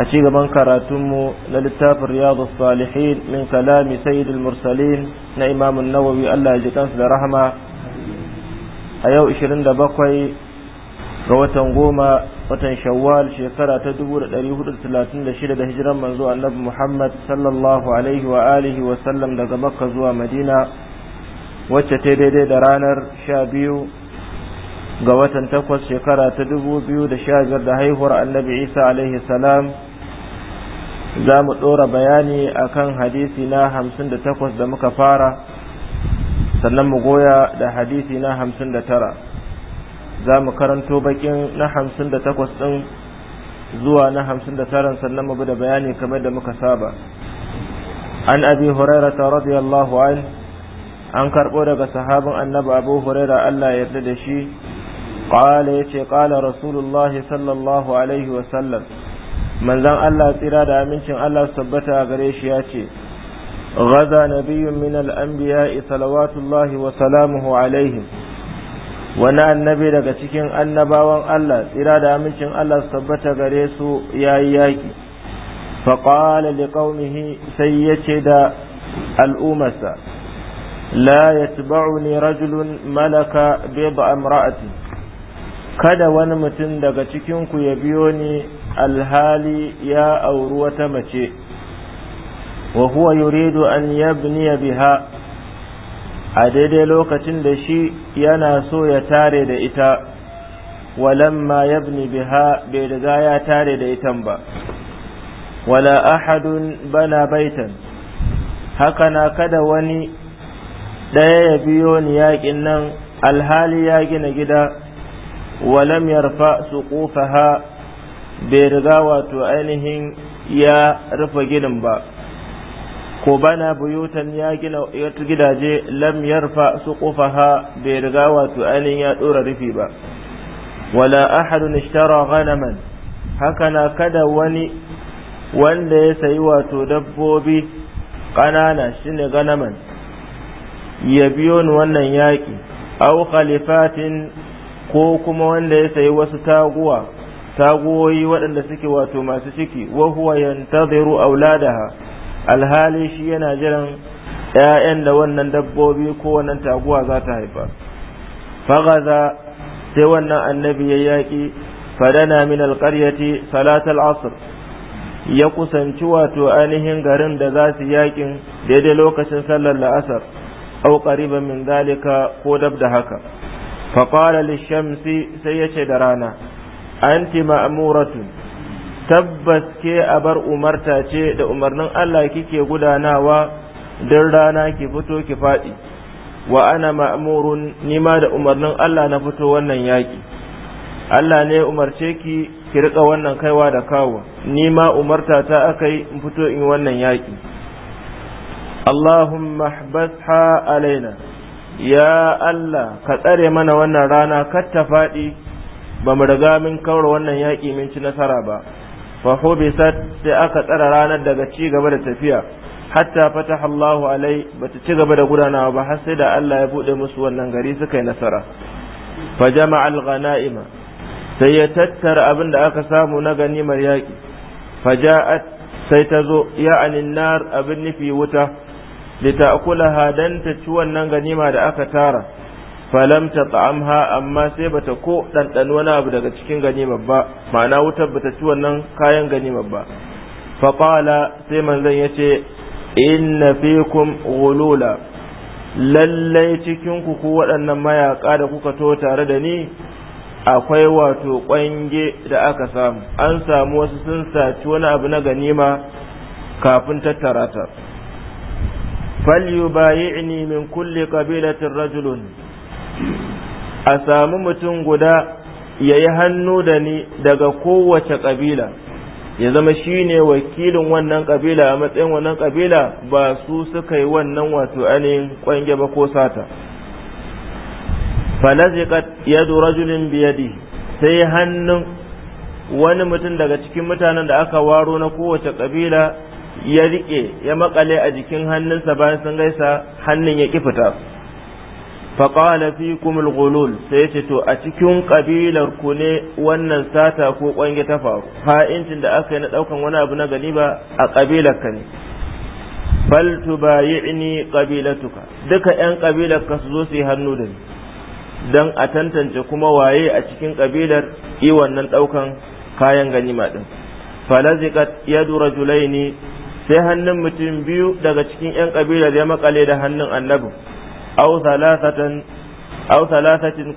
أتيق من كراتم للتاف رياض الصالحين من كلام سيد المرسلين نإمام النووي ألا يجتنس لرحمة أيو إشرين دبقوي غوتن قوما watan shawwal shekara ta 436 da hijiran manzo annabi Muhammad sallallahu alaihi wa alihi wa sallam daga Makka zuwa Madina wacce ta daidai da ranar 12 ga watan 8 shekara ta da haihuwar annabi Isa alaihi salam za mu ɗora bayani akan hadisi na hamsin da takwas da muka fara sannan mu goya da hadisi na hamsin da tara za mu karanto bakin na hamsin da takwas ɗin zuwa na hamsin da taran sannan mu bi da bayani kamar da muka saba an abi ta, radiyallahu anhu an karɓo daga sahabin annabi abu huraira Allah ya yarda da shi ƙala ya ce ƙala rasulullahi sallallahu alaihi wasallam manzon Allah tsira da amincin Allah su tabbata a gare shi ya ce غزا نبي من الأنبياء صلوات الله وسلامه عليهم wani annabi daga cikin annabawan Allah tsira da amincin Allah su tabbata gare su yi yaƙi. faƙala da ƙaunihi sai yace da al'ummarsa la ya ne rajulun malaka bai ba kada wani mutum daga cikinku ya biyo ni alhali ya auri wata mace wa huwa yuridu an yabniya biha a daidai lokacin da shi yana so ya tare da ita walamma yabni biha bai riga ya tare da itan ba wala ahadun bana baitan haka na kada wani ɗaya ya biyo ni yaƙin nan alhali ya gina gida walam yarfa su ƙofaha bai riga wato ainihin ya rufe ginin ba ko bana buyutan ya gina wata gidaje lam yarfa su kofaha bai riga wato ainihin ya dora rufi ba wala ahadun ishtara ghanaman haka na kada wani wanda ya sayi wato dabbobi ƙanana shine ganaman ya biyo ni wannan yaƙi au khalifatin ko kuma wanda ya sayi wasu taguwa tagoyi waɗanda suke wato masu ciki wa huwa yantaziru auladaha alhali shi yana jiran ‘ya'yan da wannan dabbobi ko wannan taguwa za ta haifa fagaza sai wannan annabi ya yaƙi fadana min alqaryati salatul asr ya kusanci wato ainihin garin da za su yakin daidai lokacin sallar la'asar au qariban min zalika ko dab da haka faqala lishamsi sai yace da rana anti ma'amuratu tabbas ke abar umarta ce da umarnin Allah kike gudanawa don rana ki fito ki faɗi wa ana ma'murun nima da umarnin Allah na fito wannan yaƙi Allah ne umarce ki ki riƙa wannan kaiwa da kawo nima umarta ta akai in fito in wannan yaƙi Allahumma habasha alaina ya Allah ka tsare mana wannan rana kar ta faɗi ba mu riga min kawar wannan yaƙi min ci nasara ba fa sai aka tsara ranar daga ci gaba da tafiya hatta fataha Allahu alai bata ci gaba da gudanawa ba har sai da Allah ya bude musu wannan gari suka yi nasara fa jama'a al-ghanaima sai ya tattara abin da aka samu na ganimar yaƙi fa ja'at sai ta zo an nar abin nufi wuta da ta dan ta ci wannan ganima da aka tara falam ta ta'amha amma sai bata ko ɗanɗano wani abu daga cikin ganima ba ma'ana wutar bata ci wannan kayan ganima ba faƙala sai manzon ya ce inna fikum ghulula lallai cikin ku ku waɗannan mayaƙa da kuka to tare da ni akwai wato ƙwange da aka samu an samu wasu sun saci wani abu na ganima kafin tattara ta falyubayi'ni min kulli qabilatin rajulun a sami mutum guda ya yi hannu da ni daga kowace kabila ya zama shi ne wakilin wannan kabila a matsayin wannan ƙabila ba su suka yi wannan wato ainihin ƙwange ba ko sata falazikat yadu rajulin biyadi sai hannun wani mutum daga cikin mutanen da aka waro na kowace ƙabila ya riƙe ya makale a jikin hannunsa bayan sun gaisa hannun ya ƙi fita faƙala fi kumul gulul sai to a cikin ƙabilar ku ne wannan sata ko ƙwange ta faru ha'incin da aka yi na ɗaukan wani abu na ba a ƙabilar ka ne bal tubayi'ni qabilatuka duka 'yan ƙabilar ka su zo su yi hannu da ni dan a tantance kuma waye a cikin ƙabilar yi wannan ɗaukan kayan ganima din falazikat yadu rajulaini sai hannun mutum biyu daga cikin ƴan ƙabilar ya makale da hannun annabi aw thalathatan aw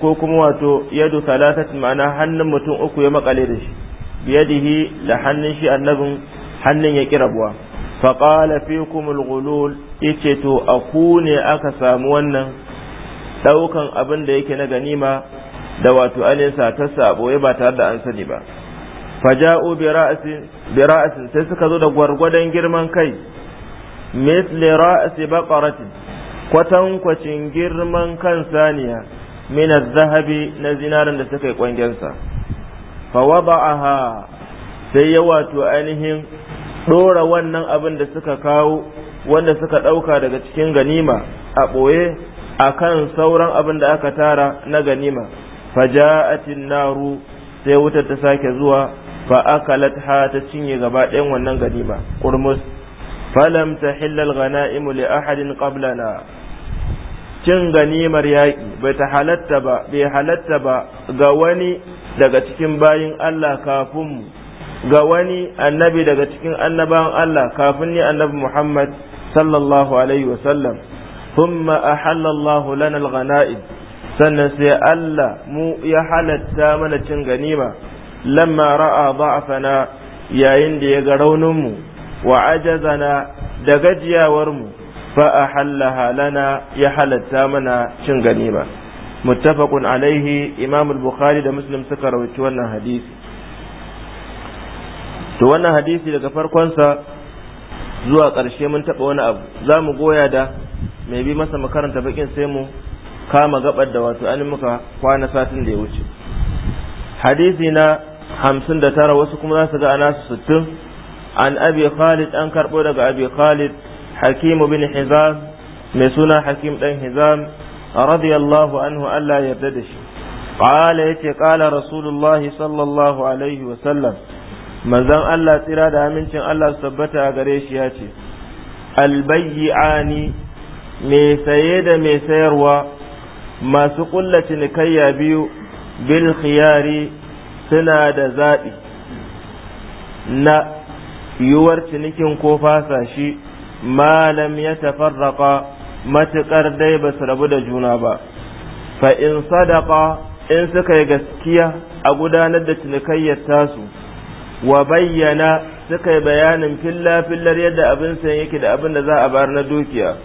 ko kuma wato yadu thalathatin ma'ana hannun mutum uku ya makale da shi biyadihi da hannun shi annabin hannun ya kirabuwa fa qala fikum alghulul ghulul yace to ku ne aka samu wannan daukan abin da yake na ganima da wato anisa ta sabo ba tare da an sani ba faja'u bi ra'sin bi ra'sin sai suka zo da gwargwadon girman kai misli ra'si baqaratin kwatankwacin girman kan saniya min zahabi na zinarin da suka yi kwangensa fa wada'aha sai ya wato ainihin ɗora wannan abin da suka kawo wanda suka ɗauka daga cikin ganima a ɓoye a kan sauran abin da aka tara na ganima faja'atin naru sai wutar ta sake zuwa fa akalat ha ta cinye gaba ɗayan wannan ganima qurmus falam tahillal ghana'imu li ahadin qablana cin ganimar yaƙi bai ta halatta ba bai halatta ba ga wani daga cikin bayin Allah kafin mu ga wani annabi daga cikin annabawan Allah kafin ni annabi Muhammad sallallahu alaihi wa sallam thumma ahalla Allah lana al sannan sai Allah mu ya halatta mana cin ganima lamma ra'a da'afana yayin da ya ga raunin mu wa ajazana da gajiyawar mu fa ahallaha lana ya halatta mana cin ganima muttafaqun alaihi imam al-bukhari da muslim suka rawaito wannan hadisi to wannan hadisi daga farkon sa zuwa ƙarshe mun taɓa wani abu za mu goya da mai bi masa makaranta bakin sai mu kama gabar da wato an muka kwana satin da ya wuce hadisi na hamsin da tara wasu kuma za su ga ana su sittin an abi khalid an karɓo daga abi khalid hakim bin hizam mai suna hakim dan hizam radiyallahu anhu Allah yarda da shi qala yace qala rasulullahi sallallahu alaihi wa sallam manzon Allah tsira da amincin Allah su tabbata a gare shi ya ce albayyani mai saye da mai sayarwa masu ƙulla cinikayya biyu bil suna da zaɓi na yiwuwar cinikin ko fasa Malam ya yatafarraqa matuƙar dai ba su rabu da juna ba fa in sadaqa in suka yi gaskiya a gudanar da cinikayyar tasu wa bayyana suka bayanin filla fillar yadda abin sayan yake da abin da za a bar na dukiya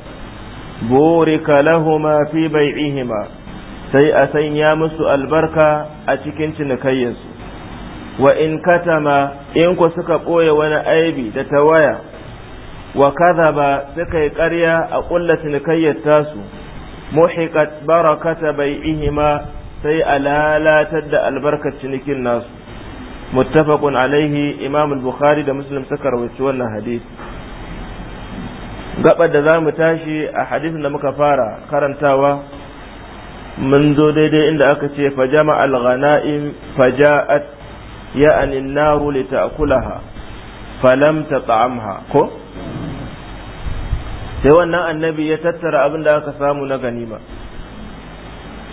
burika lahuma fi bai'ihima sai a sanya musu albarka a cikin cinikayyarsu wa in katama in ku suka ɓoye wani aibi da tawaya wa ba suka yi ƙarya a ƙulla cinikayyar tasu muhiqat barakata ihima sai a lalatar da albarkar cinikin nasu muttafaqun alaihi imam al-bukhari da muslim suka rawaito wannan hadisi gabar da zamu tashi a hadisin da muka fara karantawa mun zo daidai inda aka ce fa jama'a al-ghanaim faja'at ya'ani an naru lita'kulaha falam tat'amha ko sai wannan annabi ya tattara abin da aka samu na ganima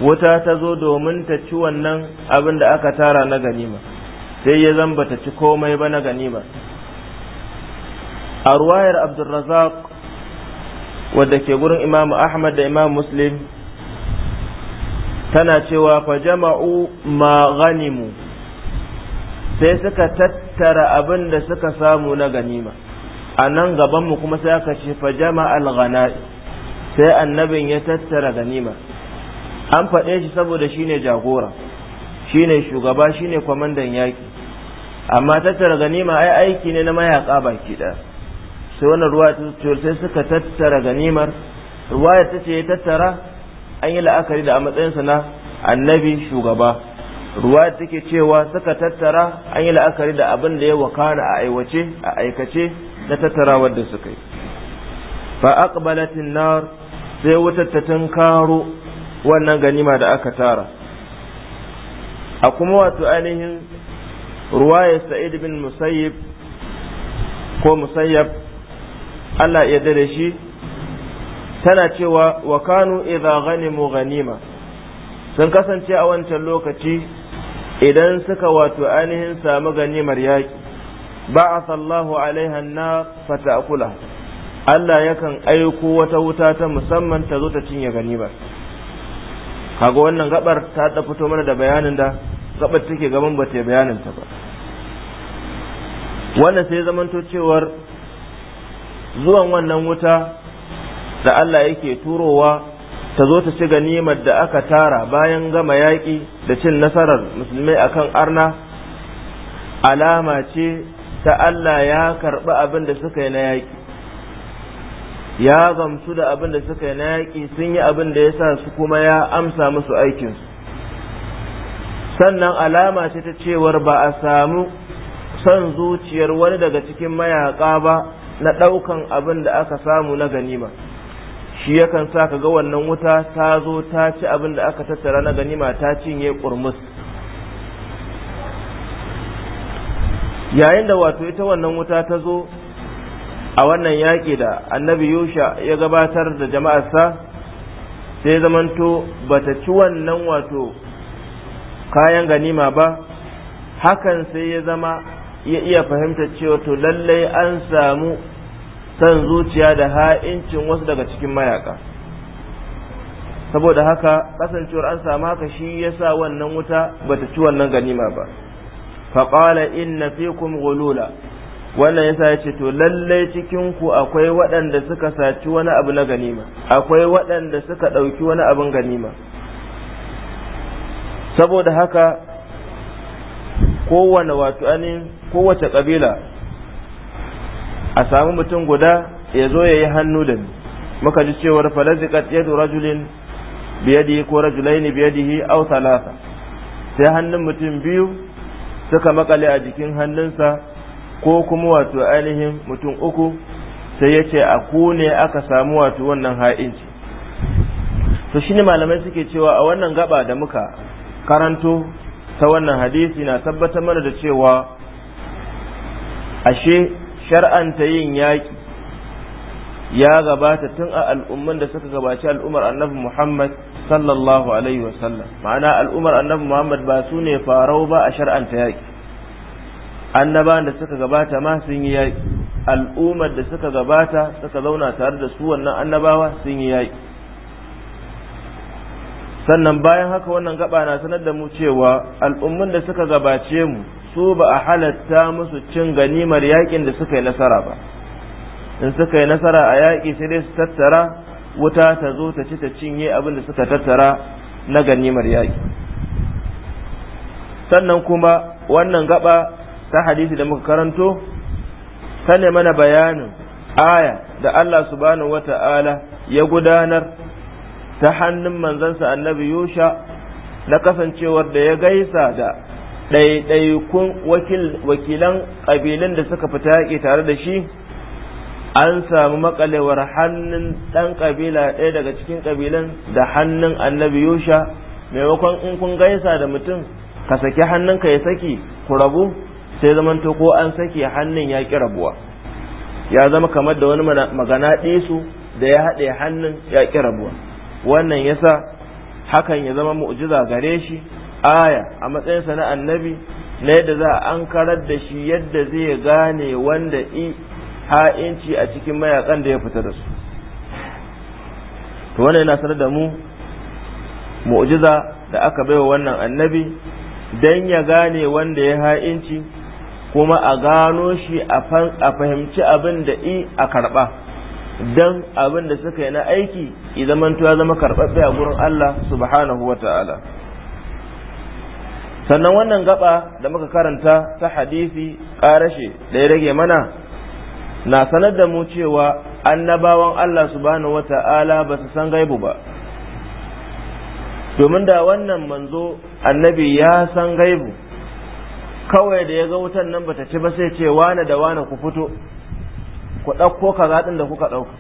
wuta ta zo domin ta ci wannan abin da aka tara na ganima sai ya zamba ta ci komai ba na ganima a ruwayar abdulrazak wadda ke gurin imamu ahmad da imam muslim tana cewa fa jama'u ma ganimu sai suka tattara abin da suka samu na ganima a nan gabanmu kuma sai aka ce fa jama'al ghana sai annabin ya tattara ganima an faɗe shi saboda shine jagora shine shugaba shine kwamandan yaki amma tattara ganima ai aiki ne na mayaka baki ɗaya sai wannan ruwa sai suka tattara ganimar ruwa ta ce ya tattara an yi la'akari da a matsayinsa na annabi shugaba ruwa take cewa suka tattara an yi la'akari da abin da ya wakana a aiwace a aikace na tattarawar da suka yi fa aqbalatin nar sai wutar ta tunkaro wannan ganima da aka tara a kuma wato ainihin ruwaya sa'id bin musayyib ko musayyab Allah ya dare shi tana cewa wa kanu idza ghanimu ghanima sun kasance a wancan lokaci idan suka wato ainihin samu ganimar yaƙi ba'atha Allahu alaiha an-nar fata'kula Allah yakan aiko wata wuta ta musamman ta zo ta cinye ganimar kaga wannan gabar ta da fito mana da bayanin da gabar take gaban ba ta bayanin ta ba wannan sai zamanto cewar zuwan wannan wuta da Allah yake turowa ta zo ta ci ganimar da aka tara bayan gama yaƙi da cin nasarar musulmai akan arna alama ce ta Allah ya karɓi abin da suka yi na yaƙi ya gamsu da abin da suka yi na yaƙi sun yi abin da ya sa su kuma ya amsa musu aikinsu sannan alama ce ta cewar ba a samu son zuciyar wani daga cikin mayaƙa ba na ɗaukan abin da aka samu na ganima shi yakan sa ka ga wannan wuta ta zo ta ci abin da aka tattara na ganima ta cinye ƙurmus yayin da wato ita wannan wuta ta zo a wannan yaƙi da annabi yusha ya gabatar da jama'arsa sai zamanto bata ci wannan wato kayan ganima ba hakan sai ya zama ya iya fahimtar cewa to lallai an samu san zuciya da ha'incin wasu daga cikin mayaka saboda haka kasancewar an samu haka shi ya sa wannan wuta bata ci wannan ganima ba فقال inna فيكم غلولا wannan يساتي ya ce to lallai cikin akwai waɗanda suka saci wani abu na ganima akwai waɗanda suka ɗauki wani abun ganima saboda haka kowane wato ani kowace kabila a samu mutum guda ya zo ya yi hannu da ni muka ji cewar falazikat yadu rajulin biyadihi ko rajulaini biyadihi aw talata sai hannun mutum biyu suka makale a jikin hannunsa ko kuma wato ainihin mutum uku sai ya ce a ku ne aka samu wato wannan ha'inci to shine malamai suke cewa a wannan gaba da muka karanto ta wannan hadisi na tabbatar mana da cewa ashe shar'anta yin yaƙi ya gabata tun a al'umman da suka gabaci al'ummar annabi Muhammad sallallahu alaihi wasallam ma'ana al'umar annabi Muhammad ba su ne farau ba a shar'anta yaƙi Annaban da suka gabata ma sun yi yaƙi al'ummar da suka gabata suka zauna tare da su wannan annabawa sun yi yaƙi sannan bayan haka wannan gaba na sanar da mu cewa al'ummun da suka gabace mu su ba a halatta musu cin ganimar yaƙin da suka yi nasara ba in suka yi nasara a yaƙi sai dai su tattara wuta ta zo ta ci ta cinye abin da suka tattara na ganimar yaƙi sannan kuma wannan gaba ta hadisi da muka karanto ta ne mana bayanin aya da Allah subhanahu wata'ala ya gudanar ta hannun manzansa annabi Yusha na kasancewar da ya gaisa da ɗaiɗaikun wakilan ƙabilun da suka fita yaƙi tare da shi an samu makalewar hannun ɗan ƙabila ɗaya daga cikin ƙabilan da hannun annabi yusha maimakon in kun gaisa da mutum ka saki hannun ka ya saki ku rabu sai zamanto ko an saki hannun ya ƙi rabuwa ya zama kamar da wani magana su da ya haɗe hannun ya ƙi rabuwa wannan yasa hakan ya zama mu'jiza gare shi aya a matsayinsa na annabi na yadda za a karar da shi yadda zai gane wanda i ha'inci a cikin mayakan da ya fita da su to wannan yana sanar da mu mu'jiza da aka baiwa wannan annabi dan ya gane wanda ya ha'inci kuma a gano shi a fahimci abin da i a karba dan abin da suka yi na aiki idan ya zama karɓaɓɓe a gurin Allah subhanahu wa ta'ala sannan wannan gaba da muka karanta ta hadisi ƙarashe da ya rage mana na sanar da mu cewa annabawan Allah subhanahu wata'ala ba su san gaibu ba domin da wannan manzo annabi ya san gaibu kawai da ya ga wutan nan ba ta ci ba sai ce wane da wane ku fito ku ɗauko ka zaɗin da kuka ɗauka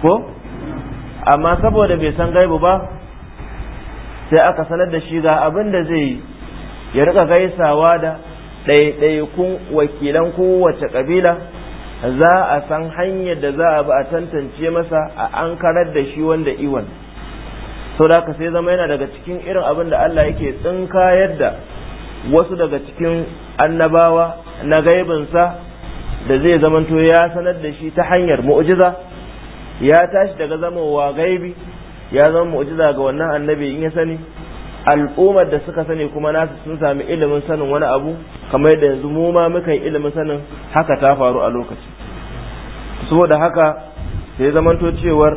ko amma saboda bai san gaibu ba sai aka sanar da shi ga abin da zai yi ya rika gaisawa da ɗaiɗaikun wakilan kowace ƙabila za a san hanyar da za a bi a tantance masa a ankarar da shi wanda iwan sau da sai zama yana daga cikin irin abin da Allah yake tsinka yadda wasu daga cikin annabawa na gaibinsa da zai zamanto ya sanar da shi ta hanyar mu'jiza ya tashi daga zamowa gaibi ya zama mu'jiza ga wannan annabi in ya sani al'ummar da suka sani kuma nasu sun sami ilimin sanin wani abu kamar da yanzu mu ma muka yi ilimin sanin haka ta faru a lokaci saboda haka sai zamanto cewar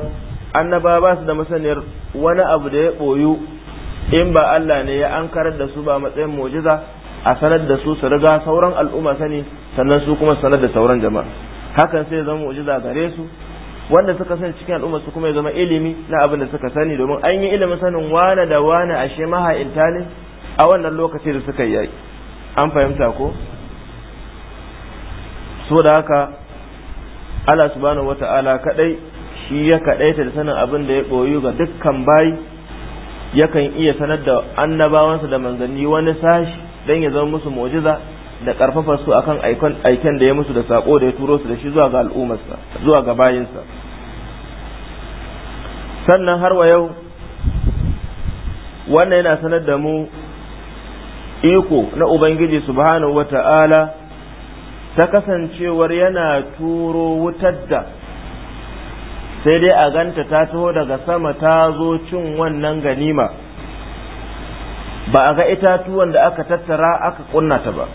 annaba ba su da masaniyar wani abu da ya boyu in ba Allah ne ya ankarar da su ba matsayin mu'jiza a sanar da su su riga sauran al'umma sani sannan su kuma sanar da sauran jama'a hakan sai zama mu'jiza gare su wanda suka san cikin al'umma su kuma ya zama ilimi na abin da suka sani domin an yi ilimin sanin wane da wane ashe maha'inta ne a wannan lokaci da suka yi an fahimta ko so da haka Allah subhanahu wata'ala kadai shi ya kadaita da sanin abin da ya boyu ga dukkan bayi yakan iya sanar da annabawansa da manzanni wani sashi dan ya zama musu mu'jiza da karfafa su akan aiken da ya musu da sako da ya turo su da shi zuwa ga al'ummarsa zuwa ga bayinsa sannan har wa yau wannan yana sanar da mu iko na ubangiji subhanahu wa ta'ala ta kasancewar yana turo wutar da sai dai a ganta ta taho daga sama ta zo cin wannan ganima ba a ga itatuwan da aka tattara aka kunna ta ba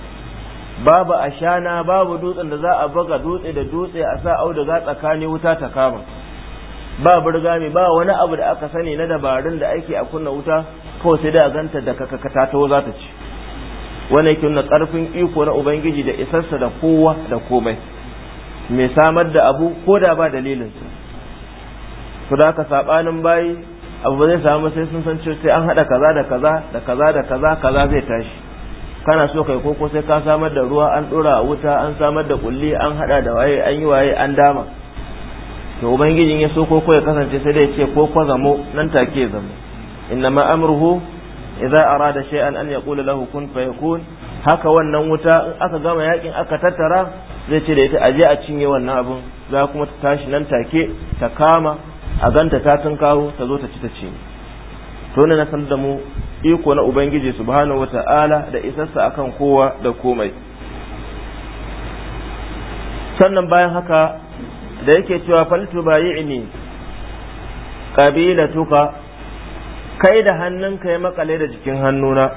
babu ashana babu dutsen da za a buga dutse da dutse a sa auduga tsakani wuta ta kama ba burgami ba wani abu da aka sani na dabarun da ake a kunna wuta kawai sai da ganta da kakakata ta za ta ci wani yake nuna karfin iko na ubangiji da isarsa da kowa da komai mai samar da abu ko da ba dalilinsa su da ka sabanin bayi abu zai samu sai sun san cewa sai an haɗa kaza da kaza da kaza da kaza kaza zai tashi kana so kai koko sai ka samar da ruwa an ɗora a wuta an samar da kulli an haɗa da waye an yi waye an dama to ubangijin ya so ko ko ya kasance sai dai ya ce ko ko zamo nan take zamo ya amruhu idza arada shay'an an yaqula lahu kun fayakun haka wannan wuta in aka gama yakin aka tattara zai ce da ita aje a cinye wannan abun za kuma ta tashi nan take ta kama a ganta ta kawo ta zo ta ci ta ci to ne na san da mu iko na ubangiji subhanahu wata'ala da isarsa akan kowa da komai sannan bayan haka da yake cewa faltu bayi'ni qabilatuka kai da hannunka ya makale da jikin hannuna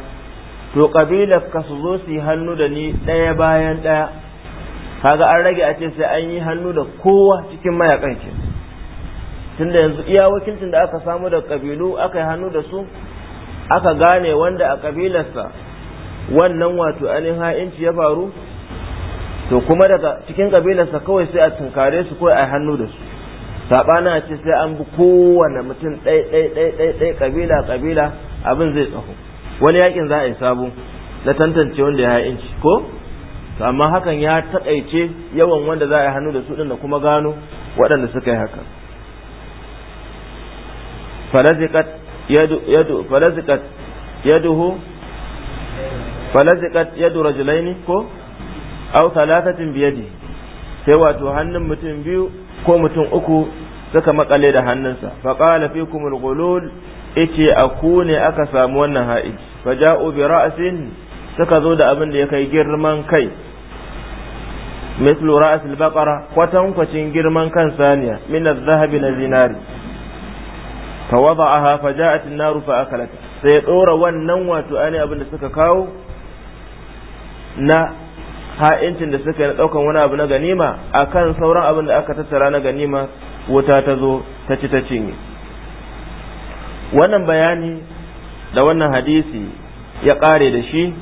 to kabilar ka su zo su yi hannu da ni ɗaya bayan ɗaya kaga an rage a ce sai an yi hannu da kowa cikin mayakan ke tunda yanzu iya wakilcin da aka samu da kabilu aka yi hannu da su aka gane wanda a kabilarsa wannan wato ainihin ha'inci ya faru to kuma daga cikin kabilarsa kawai sai a tunkare su kawai a hannu da su sabana a ce sai an bi kowane mutum ɗai ɗai ɗai kabila kabila abin zai tsaho wani yakin za a yi sabo na tantance wanda ya inci ko to amma hakan ya taƙaice yawan wanda za a yi hannu da su ɗin da kuma gano waɗanda suka yi haka falazikat yadu falazikat yaduhu falazikat yadu rajulaini ko aw thalathatin biyadi sai wato hannun mutum biyu ko mutum uku suka makale da hannunsa fa qala fikum al a ku ne aka samu wannan ha'iji fa ja'u bi ra'sin suka zo da abin da ya kai girman kai mislu ra'sil baqara kwatankwacin girman kan saniya min zahabi na zinari fa wada'aha fa ja'at an-naru fa akalat sai dora wannan wato ani abin da suka kawo na ha'incin da suka yi na ɗaukan wani abu na ganima akan sauran abin da aka tattara na ganima wuta ta zo ta ci ta cinye wannan bayani da wannan hadisi ya ƙare da shi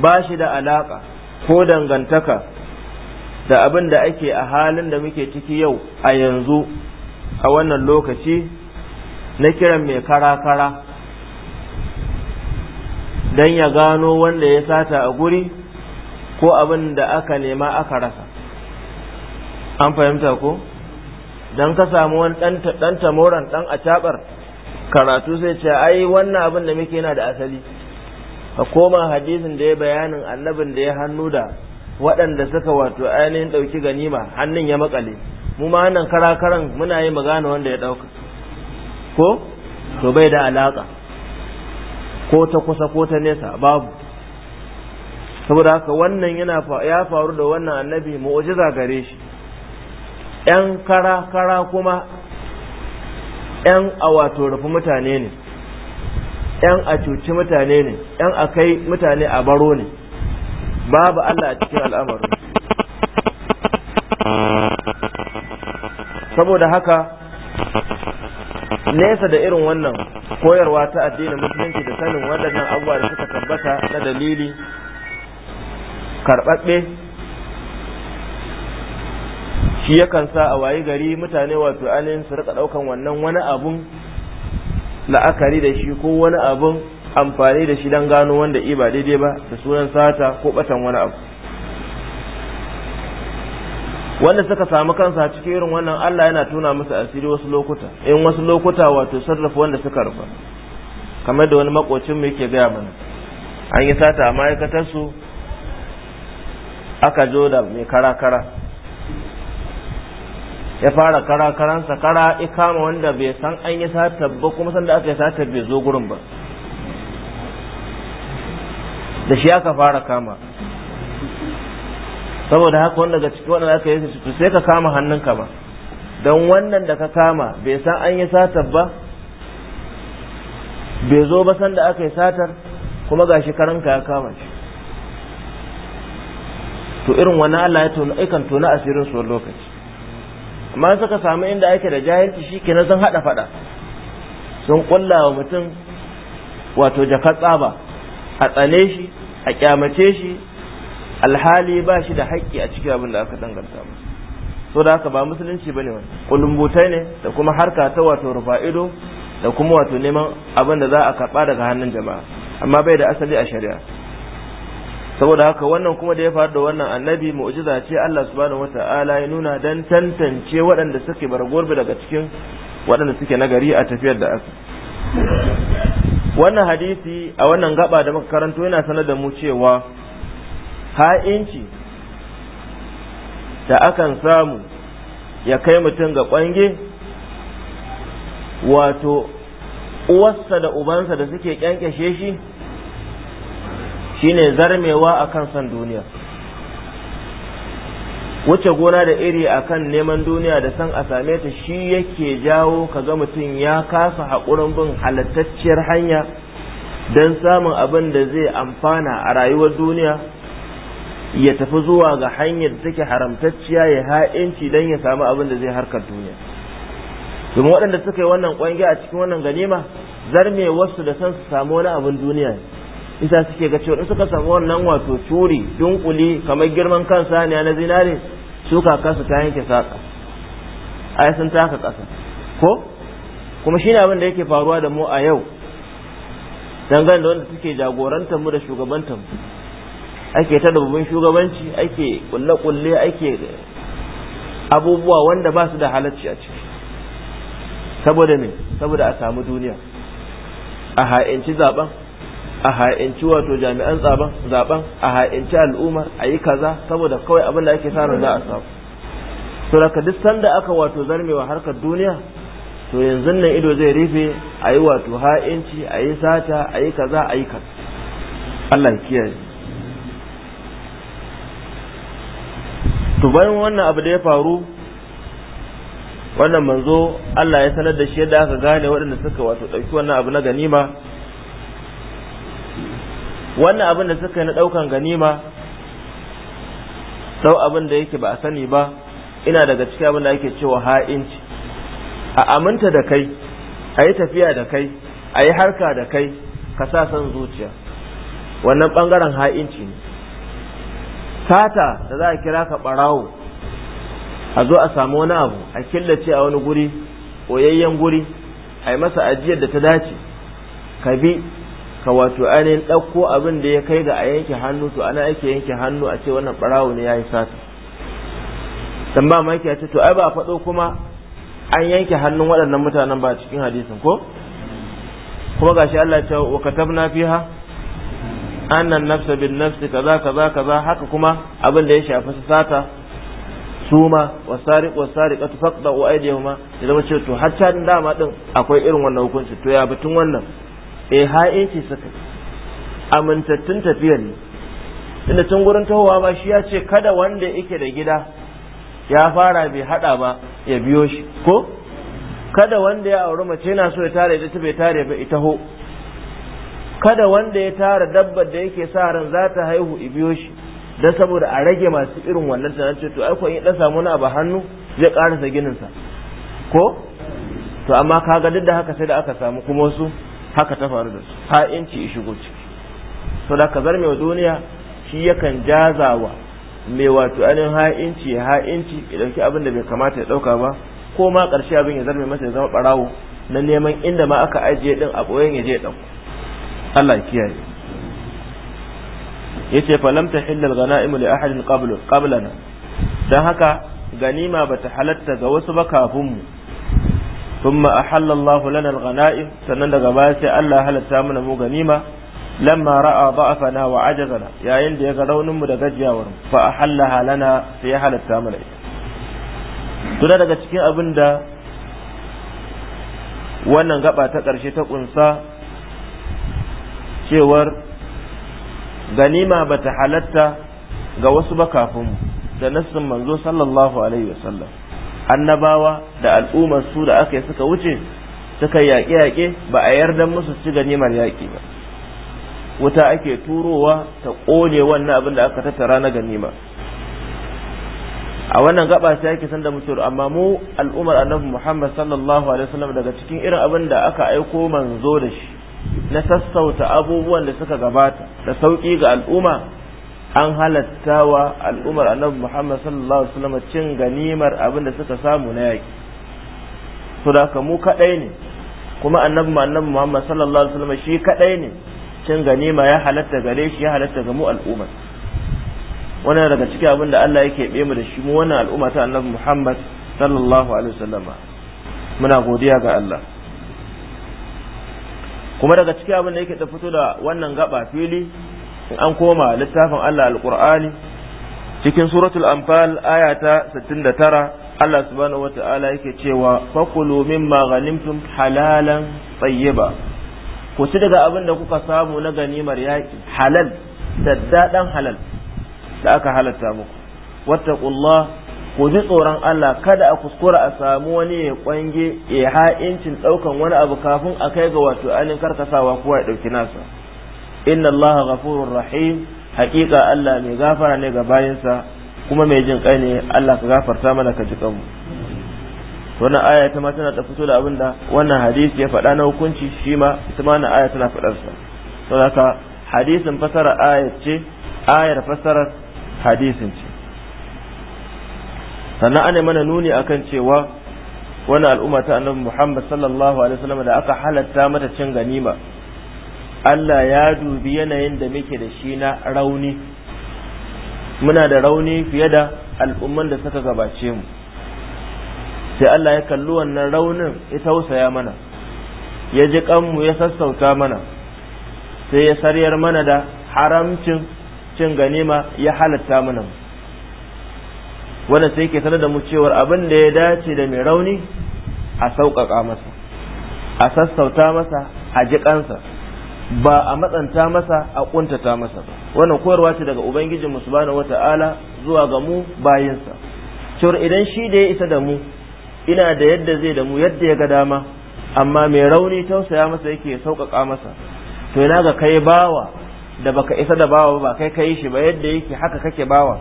ba shi da alaƙa ko dangantaka da abin da ake a halin da muke ciki yau a yanzu a wannan lokaci na kiran mai kara-kara don ya gano wanda ya sata a guri ko abin da aka nema aka rasa an fahimta ko dan ka samu wani ɗan tamoran ɗan acabar karatu sai ce ai wannan abin da muke yana da asali ka koma hadisin da ya bayanin annabin da ya hannu da waɗanda suka wato ainihin ɗauki ganima hannun ya makale mu ma wannan karakaran muna yi magana wanda ya ɗauka ko to bai da alaƙa ko ta kusa ko ta nesa babu saboda haka wannan yana ya faru da wannan annabi mu'jiza gare shi yan kara kara kuma yan wato rufi mutane ne yan a cuci mutane ne yan a kai mutane a baro ne babu Allah a cikin al'amarin saboda haka nesa da irin wannan koyarwa ta addinin musulunci da sanin waɗannan abubuwa da suka tabbata na dalili karɓaɓɓe shi yakan sa a wayi gari mutane wato ainihin su rika ɗaukan wannan wani abun la'akari da shi ko wani abun amfani da shi don gano wanda i ba daidai ba da sunan sata ko ɓatan wani abu wanda suka samu kansa a cikin irin wannan Allah yana tuna musu asiri wasu lokuta in wasu lokuta wato sarrafa wanda suka rufa kamar da wani makocin mu yake gaya mana an yi sata a ma'aikatarsu aka zo da mai kara-kara ya fara kara-karansa kara ya kama wanda bai san an yi satar ba kuma sanda aka yi satar bai zo gurin ba da shi aka fara kama saboda haka wanda ga ciki wanda aka yi su sai ka kama hannunka ba don wannan da ka kama bai san an yi satar ba bai zo ba sanda aka yi satar kuma ga shi karanka ya kama shi to irin wani Allah ya tona aikan tona asirin su wani lokaci amma suka samu inda ake da jahilci shi kenan sun haɗa faɗa sun ƙulla wa mutum wato jaka tsaba a tsane shi a kyamace shi alhali ba shi da haƙƙi a cikin abin da aka danganta ba. so da haka ba musulunci bane wani kulumbutai ne da kuma harka ta wato rufa ido da kuma wato neman abin da za a karɓa daga hannun jama'a amma bai da asali a shari'a saboda haka wannan kuma da ya faru da wannan annabi mu'jiza ce Allah subhanahu wata'ala ya nuna dan tantance waɗanda suke bar daga cikin waɗanda suke nagari a tafiyar da asu wannan hadisi a wannan gaba da muka karanto yana sanar da mu cewa ha'inci da akan samu ya kai mutum ga kwange wato uwarsa da ubansa da suke kyankyashe shi shine zarmewa akan san duniya wuce gona da iri akan neman duniya da san a same ta shi yake jawo kaga mutum ya kasa haƙurin bin halittacciyar hanya don samun abin da zai amfana a rayuwar duniya ya tafi zuwa ga hanyar da take haramtacciya ya ha'inci don ya samu abin da zai harkar duniya domin waɗanda suka yi wannan ƙwangi a cikin wannan ganima zarmewarsu wasu da san su samu wani abin duniya ne isa suke ga cewa in suka samu wannan wato turi dunkuli kamar girman kansa ne na zinare su kakansu ta yanke saka ai sun taka kasa ko kuma shine abin da yake faruwa da mu a yau dangane da wanda suke jagorantar mu da shugabantar mu ake ta shugabanci ake kulle-kulle ake abubuwa wanda ba su da halacci a ciki saboda me saboda a samu duniya a ha'inci zaben a ha'inci wato jami'an zaben zaben a ha'inci al'umma a yi kaza saboda kawai abin da ake sanar za a samu to daga duk sanda aka wato zarmewa harkar duniya to yanzu nan ido zai rufe a yi wato ha'inci a yi sata a yi kaza a yi kaza Allah ya kiyaye to bayan wannan abu da ya faru wannan manzo Allah ya sanar da shi yadda aka gane waɗanda suka wato ɗauki wannan abu na ganima wannan abin da suka yi na ɗaukan ganima sau abin da yake ba a sani ba ina daga ciki abin da ake cewa ha'inci a aminta da kai a yi tafiya da kai a yi harka da kai ka sa son zuciya wannan bangaren ha'inci ne sata da za a kira ka ɓarawo a zo a samu wani abu a killace a wani guri oyayyen guri a yi masa ajiyar da ta dace ka bi ka wato ainihin ɗauko abin da ya kai ga a yanke hannu to ana ake yanke hannu a ce wannan ɓarawo ne ya yi sata dan ba maki ce to ai ba a faɗo kuma an yanke hannun waɗannan mutanen ba cikin hadisin ko kuma gashi Allah ya ce wa katabna fiha annan nafsa bin nafsi kaza kaza kaza haka kuma abin da ya shafi sata suma wasariq wasariqatu faqda wa aydihuma da zama ce to can dama din akwai irin wannan hukunci to ya batun wannan eh ha'inci suka amintattun tafiyar ne inda tun gurin tahowa ba shi ya ce kada wanda yake da gida ya fara bai hada ba ya biyo shi ko kada wanda ya auri mace yana so ya tare da ta bai tare ba ita ho kada wanda ya tara dabbar da yake sa ran za ta haihu i biyo shi dan saboda a rage masu irin wannan tunanin ce to ai ko in dan samu na ba hannu zai karasa ginin sa ko to amma kaga duk da haka sai da aka samu kuma wasu haka ta faru da su ha'inci ya shigo ciki so da ka zarmewa duniya shi yakan jazawa mai wato ainihin ha'inci ya ha'inci ya ɗauki abin da bai kamata ya ɗauka ba ko ma ƙarshe abin ya zarme masa ya zama ɓarawo na neman inda ma aka ajiye ɗin a ɓoyen ya je ya ɗauko Allah ya kiyaye yace fa hillal gana imu li ahadin qablana dan haka ganima bata halatta ga wasu ba kafin mu ثم أحل الله لنا الغنائم سنن a ألا fana سامنا مغنيمة لما رأى ضعفنا وعجزنا يا إندي غدون مدجيا ورم فأحلها لنا في هل mana. tuna daga cikin abin da wannan gaba ta ƙarshe ta ƙunsa cewar ganima bata halatta ga wasu ba kafin da nassin manzo sallallahu alaihi wasallam annabawa da al'ummar su da aka yi suka wuce suka yaƙe-yaƙe ba a yarda musu ci ganimar yaƙi ba wuta ake turowa ta ƙone wannan abin da aka tattara na ganima a wannan gaba sai ake san da mutuwar amma mu al'ummar annabi Muhammad sallallahu alaihi wasallam daga cikin irin abin da aka aiko manzo da shi na sassauta abubuwan da suka gabata da sauki ga al'umma an halatta wa al'ummar annabi Muhammad sallallahu alaihi wasallam cin ganimar abin da suka samu na yaki to da haka mu kadai ne kuma annabi annabi Muhammad sallallahu alaihi wasallam shi kadai ne cin ganima ya halatta gare shi ya halatta ga mu al'ummar wannan daga cikin abin da Allah yake bemu mu da shi mu wannan al'umma ta annabi Muhammad sallallahu alaihi wasallama muna godiya ga Allah kuma daga cikin abin da yake ta fito da wannan gaba fili in an koma littafin Allah alqur'ani cikin suratul anfal aya ta 69 Allah subhanahu wata'ala yake cewa fakulu mimma ghanimtum halalan tayyiba ku ci daga abin da kuka samu na ganimar yaki halal daddadan halal da aka halatta muku wattaqullah ku ji tsoron Allah kada a kuskura a samu wani ya kwange ya ha'incin daukan wani abu kafin a kai ga wato ainihin karkasawa kowa ya dauki nasa inna allaha ghafurur rahim haƙiƙa Allah mai gafara ne ga bayansa kuma mai jin kai ne Allah ka gafarta mana ka ji kanmu wannan aya ta ma tana ta fito da abinda. wannan hadisi ya faɗa na hukunci shi ma ita ma na aya tana faɗar sa saboda hadisin fasara ce ayar fasarar hadisin ce sannan ana mana nuni akan cewa wani al'umma ta annabi Muhammad sallallahu alaihi wasallam da aka halatta mata cin ganima Allah ya dubi yanayin da muke da shi na rauni muna da rauni fiye da al'umman da suka gabace mu sai Allah ya kalli wannan raunin ya tausaya mana ya ji kanmu ya sassauta mana sai ya saryar mana da haramcin cin ganima ya halatta mana wanda sai ke sanar da mu cewar abin da ya dace da mai rauni a sauƙaƙa masa a sassauta masa a ji kansa ba a matsanta masa a kuntata masa ba. wannan koyarwa ce daga ubangijin mu subhanahu wata'ala zuwa ga mu bayinsa cewar idan shi da ya isa da mu ina da yadda zai da mu yadda ya ga dama amma mai rauni tausaya masa yake sauƙaƙa masa to ina ga kai bawa da baka isa da bawa ba kai kai shi ba yadda yake haka kake bawa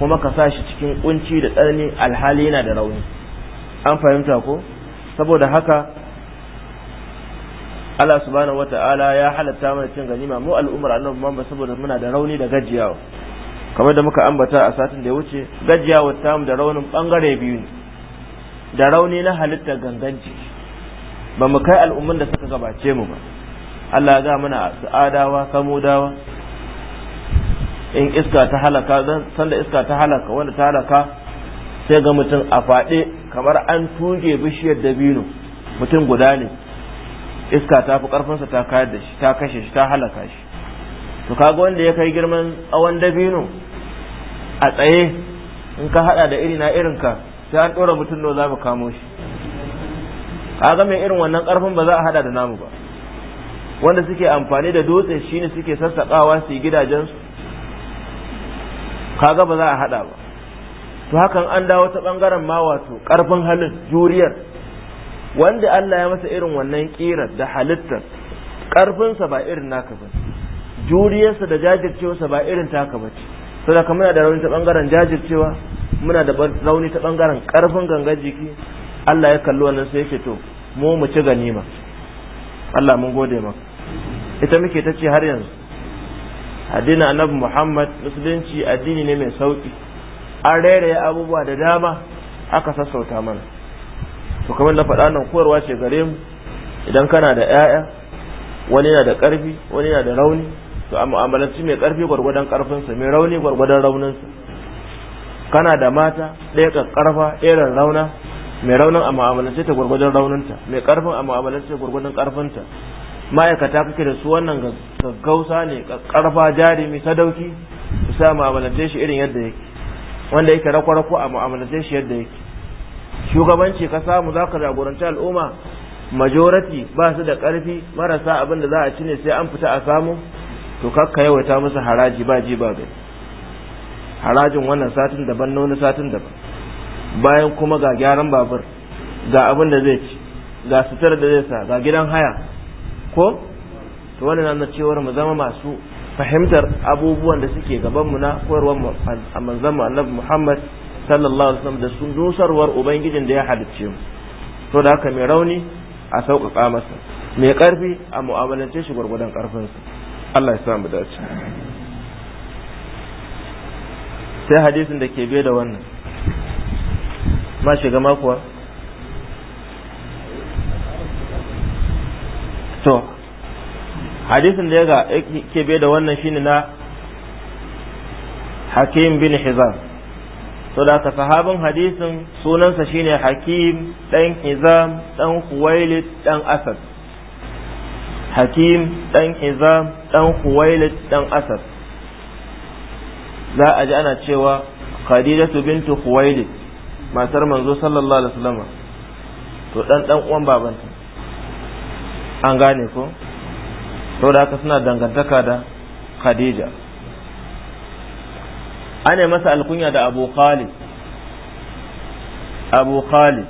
kuma ka sa shi cikin kunci da tsanani alhali yana da rauni an fahimta ko saboda haka Allah subhanahu wata'ala ya halatta mana cin ganima mu al'ummar annabi Muhammad saboda muna da rauni da gajiyawa kamar da muka ambata a satin da ya wuce gajiyawa ta mu da raunin bangare biyu da rauni na halitta ganganci ba mu kai al'umman da suka gabace mu ba Allah ga mana sa'adawa samudawa in iska ta halaka zan sanda iska ta halaka wanda ta halaka sai ga mutum a faɗe kamar an tuge bishiyar dabino mutum guda ne iska ta fi karfinsa ta kayar da shi ta kashe shi ta halaka shi to kaga wanda ya kai girman tsawon dabino a tsaye in ka hada da iri na ka, sai an dora mutum da za mu kamo shi kaga mai irin wannan karfin ba za a hada da namu ba wanda suke amfani da dutse shine suke sassakawa su yi gidajensu kaga ba za a hada ba to hakan an dawo ta bangaren ma wato karfin halin juriyar wanda Allah ya masa irin wannan kirar da halittar ƙarfinsa ba irin naka ba juriyarsa da jajircewarsa ba irin taka ba ce saboda muna da rauni ta bangaren jajircewa muna da rauni ta bangaren karfin gangar jiki Allah ya kalli wannan sai yake to mu mu ci ganima Allah mun gode maka ita muke ta ce har yanzu addinin annabi Muhammad musulunci addini ne mai sauki an rere abubuwa da dama aka sassauta mana to kamar na faɗa nan koyarwa ce gare mu idan kana da 'ya'ya wani yana da ƙarfi wani yana da rauni to a mu'amalanci mai ƙarfi gwargwadon ƙarfinsa mai rauni gwargwadon rauninsa kana da mata ɗaya ƙarfa ɗaya rauna mai raunin a mu'amalanci ta gwargwadon rauninta mai ƙarfin a mu'amalanci ta gwargwadon ƙarfinta ma'aikata kake da su wannan gaggausa ne ƙarfa jarumi sadauki su sa mu'amalance shi irin yadda yake wanda yake rako-rako a mu'amalance shi yadda yake shugabanci ka samu za ka jagoranci al'umma majorati ba su da ƙarfi marasa abin da za a ci ne sai an fita a samu to kakka yawaita musu haraji ba ji ba bai harajin wannan satin daban na wani satin daban bayan kuma ga gyaran babur ga abin da zai ci ga sutar da zai sa ga gidan haya ko to nan na cewar mu zama masu fahimtar abubuwan da suke gaban mu na koyarwar manzon Annabi Muhammad sallallahu alaihi wasallam da sun nusarwar ubangijin da ya halicce mu to da haka mai rauni a sauƙaƙa masa mai ƙarfi a mu'amalance shi gwargwadon sa Allah ya sa mu dace sai hadisin da ke biye da wannan ma shiga makuwa to hadisin da ya ga ke biye da wannan shine na hakim bin hizam so da sahabin hadisin sunansa shine hakim dan izam dan huwailid dan asad hakim dan izam dan huwailid dan asad za a ji ana cewa khadijatu bintu huwailid matar manzo sallallahu alaihi wasallam to dan dan uwan babanta an gane ko saboda haka suna dangantaka da khadija ana masa alkunya da abu khalid abu khalid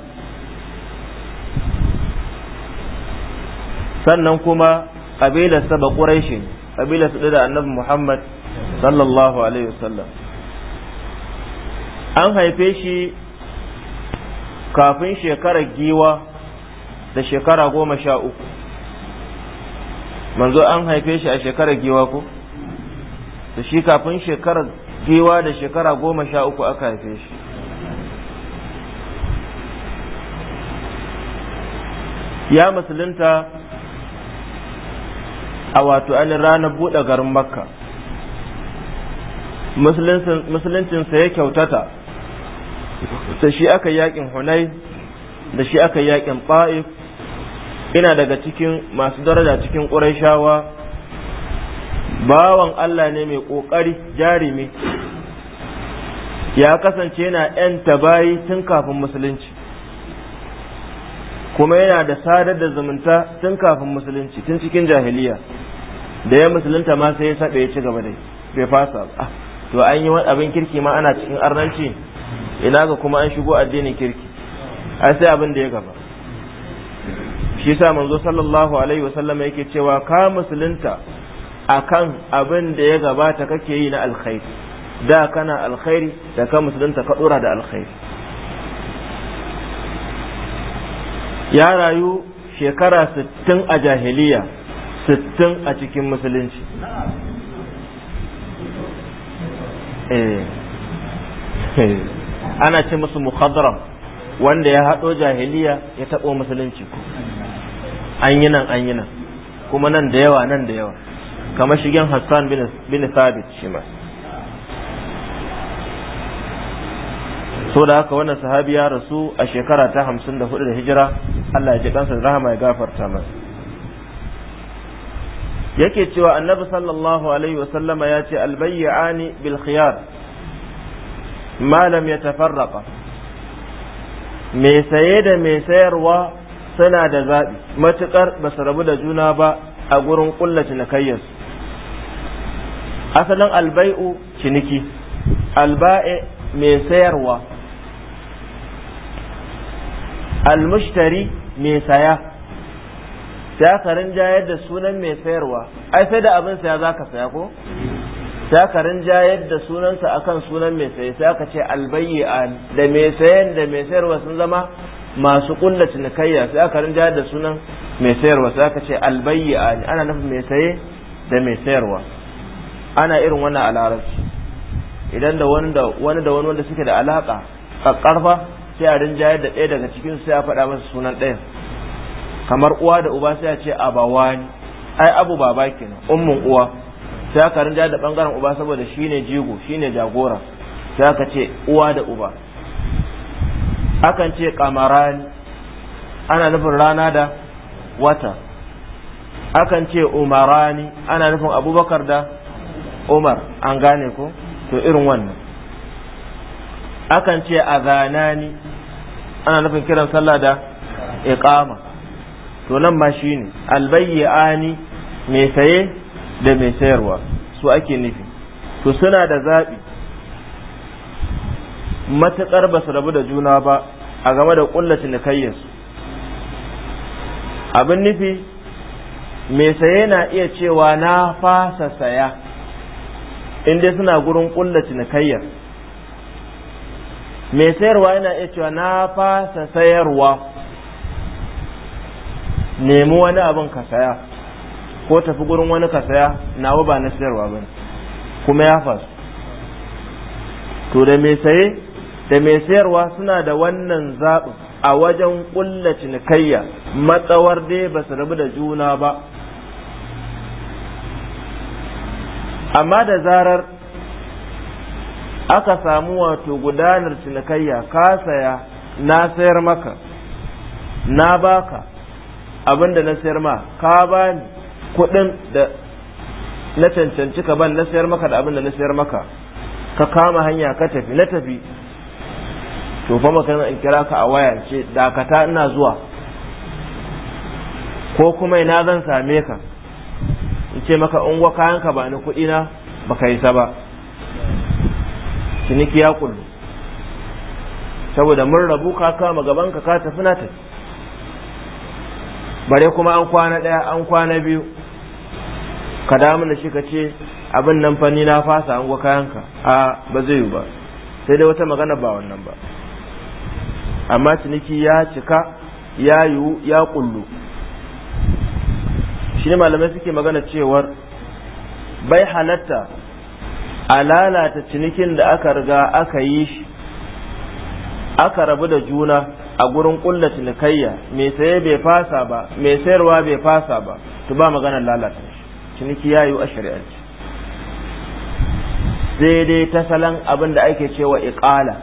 sannan kuma ƙabilarsa ba ƙuraishin ƙabilarsa da annabi muhammad sallallahu alaihi wasallam an haife shi kafin shekarar giwa da shekara goma sha uku manzo an haife shi a shekarar giwa ko da shi kafin shekarar giwa da shekara goma sha uku aka haife shi ya musulunta a wato ainihin ranar buɗe garin makka musuluncinsa ya kyautata da shi aka yakin hunai da shi aka yakin ba'if ina daga cikin masu daraja cikin ƙurai-shawa. bawan Allah ne mai ƙoƙari jarimi ya kasance yana ‘yanta bayi tun kafin musulunci kuma yana da sadar da zumunta tun kafin musulunci tun cikin jahiliya da ya musulunta ma sai ya saɓe ya ci gaba da bai fasa ba ah, to an yi wani abin kirki ma ana cikin arnanci ina ga kuma an shigo addinin kirki ai sai abin da ya gaba shi sa manzo sallallahu alaihi wasallam yake cewa ka musulunta akan abin da ya gabata kake yi na alkhairi da kana alkhairi da ka musulunta ka dora da alkhairi ya rayu shekara 60 a jahiliya 60 a cikin musulunci eh. ana ce musu mukhadram wanda ya haɗo jahiliya ya taɓo musulunci an yi nan an yi nan kuma nan da yawa nan da yawa kamar shigen Hassan bin Thabit shi ma so da haka wannan sahabi ya rasu a shekara ta hamsin da hudu da hijira Allah ya ji kansa rahama ya gafarta masa yake cewa annabi sallallahu alaihi wasallama ya ce albayyani bil khiyar Malam ya tafarraka mai saye da mai sayarwa suna da zaɓi matuƙar ba rabu da juna ba a gurin ƙulla cinikayyarsu asalin albai'u ciniki alba'e mai sayarwa almushtari mai saya sai ka rinjayar da sunan mai sayarwa ai sai da abin saya za ka saya ko sai ka rinjayar da sunansa akan sunan mai saya sai ka ce albayi da mai sayan da mai sayarwa sun zama masu kulla cinikayya sai aka rinjayar da sunan mai sayarwa sai aka ce albayi ana nufin mai saye da mai sayarwa ana irin wannan a larabci idan da wani da wani da wani wanda suke da alaka kakkarfa sai a rinjayar da ɗaya daga cikin sai a faɗa masa sunan ɗaya. kamar uwa da uba sai a ce a ni, ai abu baba kenan ummun uwa sai aka rinjayar da bangaren uba saboda shine jigo shine jagora sai aka ce uwa da uba akan ce kamarani ana nufin rana da wata akan ce umarani ana nufin abubakar da umar an gane ko to irin wannan akan ce azanani ana nufin kiran sallah da iqama to nan ma shine albayyani mai saye da mai sayarwa su ake nufi to suna da zaɓi matuƙar basu rabu da juna ba a game da ƙulla cinikayyarsu abin nufi mai saye na iya cewa na fasa saya in dai suna gurin kulla cinikayyar mai sayarwa yana iya cewa na fasa sayarwa nemi wani abin ka saya ko tafi gurin wani ka saya nawa ba na sayarwa ba kuma ya fasu to da mai saye da mai sayarwa suna da wannan zaɓin a wajen ƙulla cinikayya matsawar dai ba su rabu da juna ba amma da zarar aka samu wato gudanar cinikayya ka saya na sayar maka na baka abinda na sayar ma ka ba ni kuɗin da na cancanci ka ban na sayar maka da abinda na sayar maka ka kama hanya ka tafi na tafi to fa maka in kira ka a waya ce dakata ina zuwa ko kuma ina zan same ka in ce maka unguwa kayanka ba ni kuɗi na ba ka isa ba ciniki ya kullu saboda mun rabu ka kama gaban ka ka tafi na tafi bare kuma an kwana ɗaya an kwana biyu ka da mun shi ka ce abin nan fa ni na fasa an gwa kayanka a ba zai yi ba sai dai wata magana ba wannan ba amma ciniki ya cika ya yiwu ya kullu shi ne malamai suke magana cewar bai halatta a lalata cinikin da aka riga aka yi shi aka rabu da juna a gurin kulla cinikayya mai saye bai fasa ba mai sayarwa bai fasa ba to ba maganar lalata ciniki ya yi a shari'arci sai dai ta salon abin da ake cewa iƙala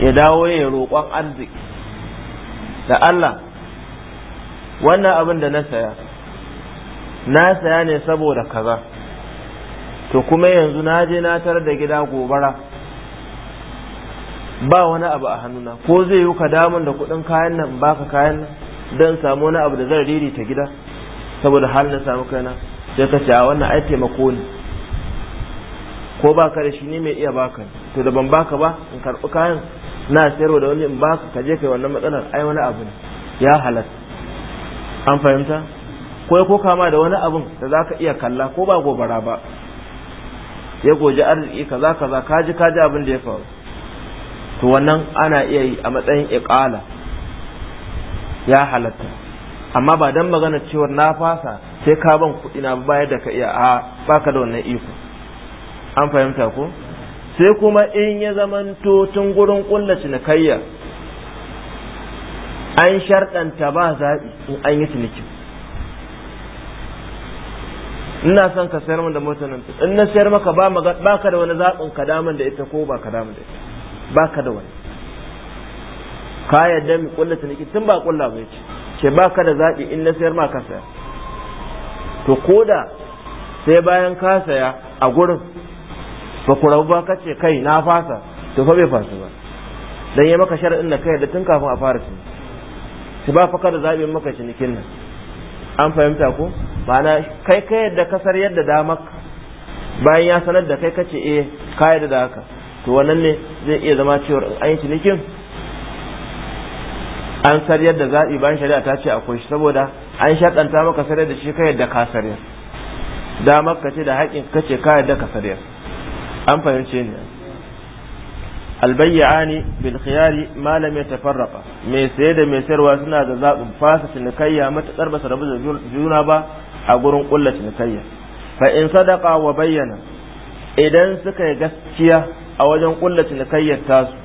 ya dawo ya roƙon arziki da Allah wannan abin da na saya na saya ne saboda kaza to kuma yanzu na je na tar da gida gobara ba wani abu a hannuna ko zai yi ka damun da kuɗin kayan nan baka kayan nan don samu wani abu da zan ririta gida saboda hal na samu kaina sai ka ce a wannan ai taimako ne ko ka da shi ne mai iya baka to da ban baka ba in karɓi kayan na sayarwa da wani in baka ka je kai wannan matsalar ai wani abu ne ya halatta an fahimta ko ya koka da wani abin da za ka iya kalla ko ba gobara ba ya goji arziki kaza kaza kaji kaji abin da ya faru to wannan ana iya yi a matsayin iqala ya halatta amma ba dan magana cewa na fasa sai ka ban kuɗi na bayar da ka iya a baka da wannan iko an fahimta ko sai kuma in ya zamanto tun gurin na cinikayya an sharɗanta ba zaɓi in an yi ciniki ina son ka sayar min da motar nan in na sayar maka ba ba ka da wani zaɓin ka daman da ita ko ba ka daman da ita ba ka da wani ka yadda mu kulla ciniki tun ba kulla bai ce ce ba ka da zaɓi in na sayar ma ka saya to koda sai bayan ka saya a gurin ba ku rabu ba ka ce kai na fasa to fa bai fasa ba dan yi maka sharaɗin da kai da tun kafin a fara ciniki shi ba fakar zaɓin maka cinikin nan an fahimta ko ma'ana kai ka yadda kasar yadda maka bayan ya sanar da kai kace eh ka yadda da haka to wannan ne zai iya zama cewar an yi cinikin an sariyar da zaɓi bayan shari'a ta ce akwai shi saboda an shaɗanta maka sariyar da shi ka yadda ka sariyar da maka ce da haƙin ka ce ka yadda ka sariyar an fahimce ne albayyani bil khiyari ma lam yatafarraqa me saye da me sayarwa suna da zabin fasa cinikayya matakar ba su rabu da juna ba a gurin kulla cinikayya fa in sadaqa wa bayyana idan suka yi gaskiya a wajen kulla cinikayyar tasu